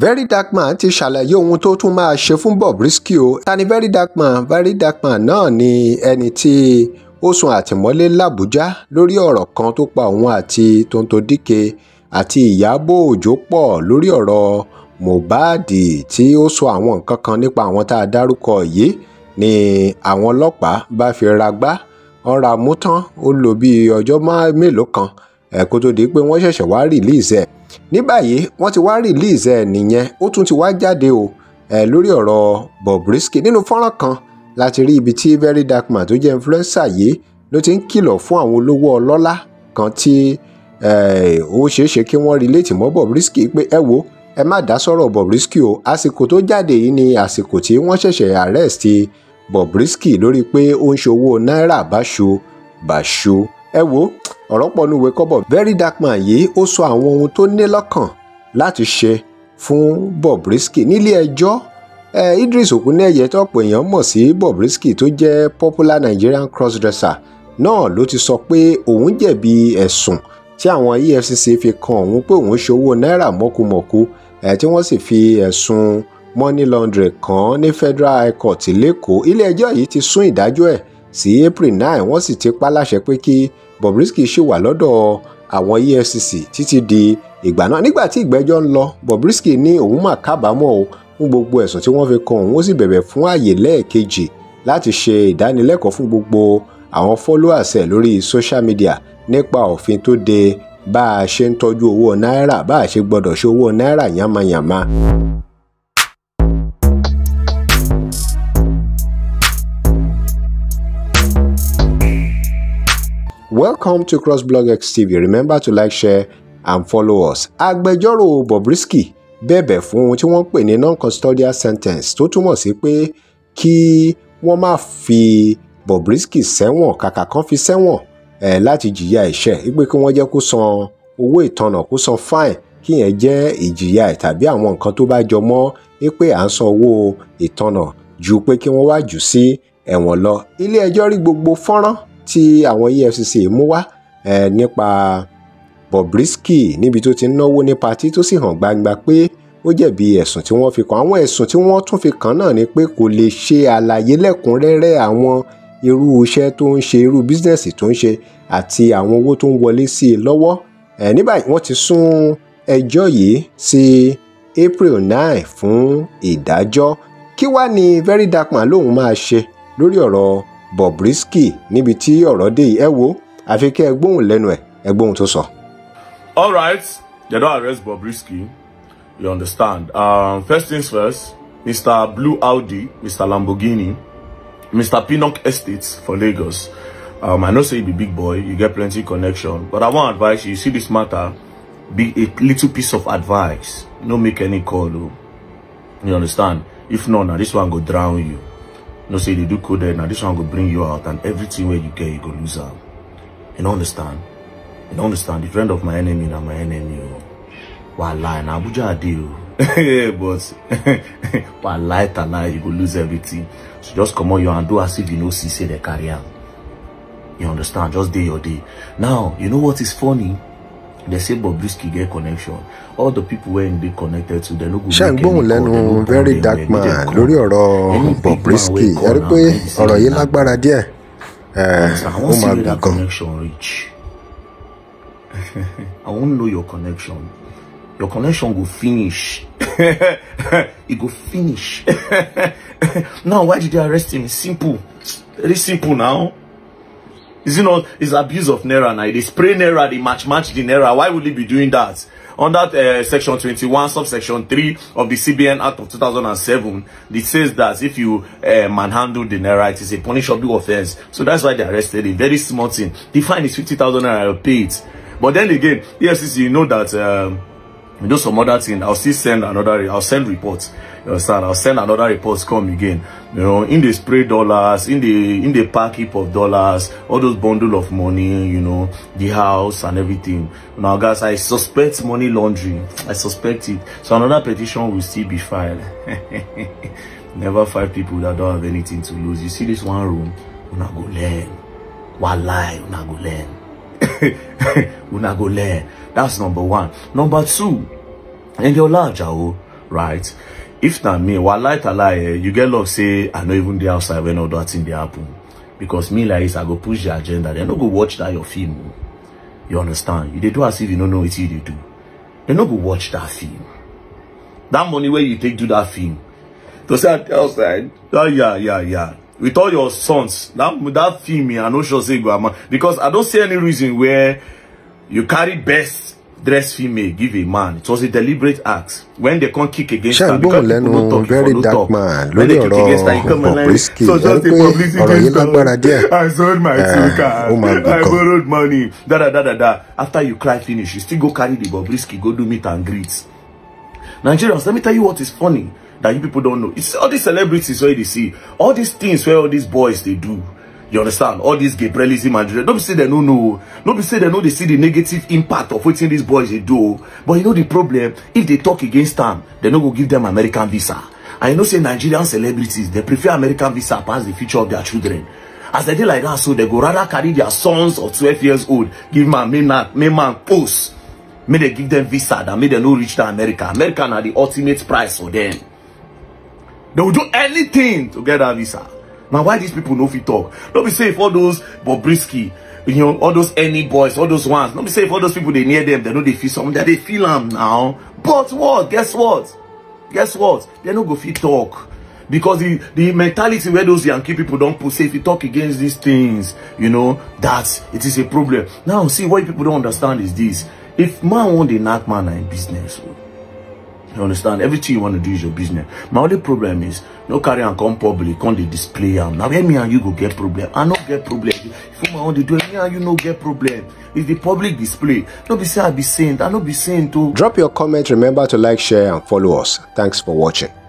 verydarkman ti ṣàlàyé ohun tó tún máa ṣe fún Bobrisky o ta ni verydarkman verydarkman náà ni ẹni tí ó sùn àtìmọ́lé làbújá lórí ọ̀rọ̀ kan tó pa òun àti Tonto Dike àti Ìyábọ̀ Òjó pọ̀ lórí ọ̀rọ̀ Mohbad tí ó sọ àwọn nǹkan kan nípa àwọn tá a dárúkọ yìí ni àwọn ọlọ́pàá bá fi ragbá ọ̀rọ̀ ó lò bíi ọjọ́ mélòó kan ẹ̀kọ́ tó di pé wọ́n ṣẹ̀ṣẹ̀ wá rìlíìsì ẹ̀ ní báyìí wọ́n ti wá release ẹ̀ nìyẹn ó tún ti wá jáde o ẹ̀ lórí ọ̀rọ̀ Bobrisky nínú fọ́nrán kan láti rí ibi tí very dark man tó jẹ́ influencer yìí ló ti ń kìlọ̀ fún àwọn olówó ọlọ́lá kan tí ó ṣeé ṣe kí wọ́n relate mọ́ Bobrisky pé ẹ wo ẹ má dá sọ̀rọ̀ Bobrisky o àsìkò tó jáde yìí ni àsìkò tí wọ́n ṣẹ̀ṣẹ̀ arrest Bobrisky lórí pé ó ń ṣòwò náírà báṣu báṣu ẹ wo ọ̀rọ̀ pọ̀ nínú ìwé kọ́bọ̀ very dark man yìí ó sọ àwọn ohun tó ní lọ́kàn láti ṣe fún Bobrisky nílé ẹjọ́ e eh, Idris Okuneye tó èèyàn mọ̀ sí Bobrisky tó jẹ́ popular Nigerian crossdresser náà ló ti sọ pé òun jẹ̀bi ẹ̀sùn tí àwọn EFCC fi kan òun pé òun ṣòwò náírà mọ́kumọ̀ku ẹ̀ tí wọ́n sì fi ẹ̀sùn money laundering kan ní Federal High Court lẹ́kọ̀ọ́ ilé ẹjọ́ yìí ti sún ìdájọ́ ẹ̀ sí April nine wọ́n sì ti pa láṣẹ pé kí Bobrisky ṣì wà lọ́dọ̀ àwọn EFCC títí di ìgbà náà nígbà tí ìgbẹ́jọ́ ń lọ Bobrisky ní òun mà kábàámọ̀ o fún gbogbo ẹ̀sùn tí wọ́n fi kan òun ó sì bẹ̀bẹ̀ fún àyè lẹ́ẹ̀kejì láti ṣe ìdánilẹ́kọ̀ọ́ fún gbogbo àwọn followers ẹ̀ lórí social media nípa òfin tó de bá a ṣe ń tọ́jú owó náírà bá a ṣe gbọ́dọ̀ ṣe owó náírà yánmayànma. Welcome to crossblogX TV. Remember to like, share and follow us. Agbẹjọ́rò Bobrisky bẹ̀bẹ̀ fún ohun tí wọ́n pè ní non-custodial sentence tó túmọ̀ sí pé kí wọ́n má fi Bobrisky sẹ́wọ̀n kàkà kan fi sẹ́wọ̀n eh, láti jìyà ẹ̀ṣẹ̀ wípé kí wọ́n jẹ́ kó san owó ìtanà kó san fine kí yẹn jẹ́ ìjìyà ẹ̀ tàbí àwọn nǹkan tó bá jọ mọ́ wípé à ń san owó ìtanà ju pé kí wọ́n wá jù sí ẹ̀wọ̀n lọ. ilé ẹjọ́ rí gbogbo fọ́nrán tí àwọn EFCC mú wá eh, nípa Bobrisky níbi tó ti ń náwó ní patí tó sì hàn gbangba pé ó jẹ̀bi ẹ̀sùn tí wọ́n fi kàn àwọn ẹ̀sùn tí wọ́n tún fi kàn náà ni pé kò lè ṣe àlàyé lẹ́kùnrẹ́rẹ́ àwọn irú iṣẹ́ tó ń ṣe irú bísínẹ́sì tó ń ṣe àti àwọn owó tó ń wọlé sí i lọ́wọ́ ẹ̀ ní báyìí wọ́n ti sún ẹjọ́ yìí sí April nine fún ìdájọ́ kí wàá ní Verydarkman lòun máa ṣe lórí ọ̀rọ̀ Bobrisky níbi tí ọ̀rọ̀ dé yìí ẹ wo àfi kí ẹ lẹ́nu ẹ gbóhùn tó sọ. all right they don arrest Bobrisky you understand um, first things first Mr. Blue Audi Mr. Lamborghini Mr. Pinnock Estates for Lagos um, I know say you be big boy you get plenty connection but I wan advise you you see this matter be a little piece of advice no make any call o oh. you understand if not na this one go drown you. No say they do code there now this one go bring you out and everything where you get you go lose out you don't understand you don't understand the friend of my enemy now my enemy oh wallahi na abuja deal oh. but light and tala you go lose everything so just come on you and do as if you know see say they carry out you understand just day your day now you know what is funny they say Bobrisky get connection all the people in dey connected to the local go make any very dark man lórí ọ̀rọ̀ Bobrisky ẹ rí pé ọ̀rọ̀ yìí lágbára díẹ̀ ó máa connection reach. I wan know your connection your connection will finish It will finish now why did they arrest him simple very simple now. Is it not? It's abuse of Naira now. They spray Naira, they match match the Naira. Why would they be doing that? Under uh, section 21, subsection 3 of the CBN Act of 2007, it says that if you uh, manhandle the Naira, it is a punishable offense. So that's why they arrested it. Very small thing. The fine is 50,000 Naira, pay it. But then again, yes, you know that... Um, do some other thing i'll still send another i'll send reports you understand i'll send another reports come again you know in the spray dollars in the in the pack heap of dollars all those bundle of money you know the house and everything now guys i suspect money laundering i suspect it so another petition will still be filed never five people that don't have anything to lose you see this one room una go learn one lie una go learn una go learn that's number one number two in your large right if na me wallahi talai eh, you get luck say i know even the outside when all that thing dey happen because me like this i go push the agenda dem no go watch that your film you understand you dey do as if you no know what you dey do dem no go watch that film that money where you take to that film to say at the outside, oh yeah yeah yeah with all your sons that that film i no sure say go amount because i don't see any reason where you carry best dressed female give a man it was a deliberate act when they come kick against her because people no talk you for no talk when they kick against her come and like so just a publicity stunt i sold my two cars ah. i borrowed money da da da da da after you cry finish you still go carry the bobrisky go do meet and greet nigerians let me tell you what is funny that you people don't know. It's all these celebrities where they see. All these things where all these boys, they do. You understand? All these Gabrielism and don't say they no know. Don't say they know they see the negative impact of what these boys they do. But you know the problem, if they talk against them, they no go give them American visa. I know say Nigerian celebrities, they prefer American visa past the future of their children. As they did like that, so they go rather carry their sons of 12 years old, give man, main man, main man post. May they give them visa that may they no reach the America. America are the ultimate price for them. They will do anything to get that visa. Now, why these people know if you talk? Don't be safe all those Bobrisky, you know, all those any boys, all those ones. Don't be safe all those people they near them. They know they feel something that they feel them now. But what? Guess what? Guess what? They no go fit talk. Because the, the mentality where those Yankee people don't put safe, you talk against these things, you know, that it is a problem. Now, see, what people don't understand is this. If man want to knock man in business, oh. You understand? Everything you want to do is your business. My only problem is no carry and come public, come the display am. Now where me and you go get problem. I not get problem. If my own they do me and you no get problem. It's the public display. No be say I be saying, I no be saying to. Oh. Drop your comment. Remember to like, share, and follow us. Thanks for watching.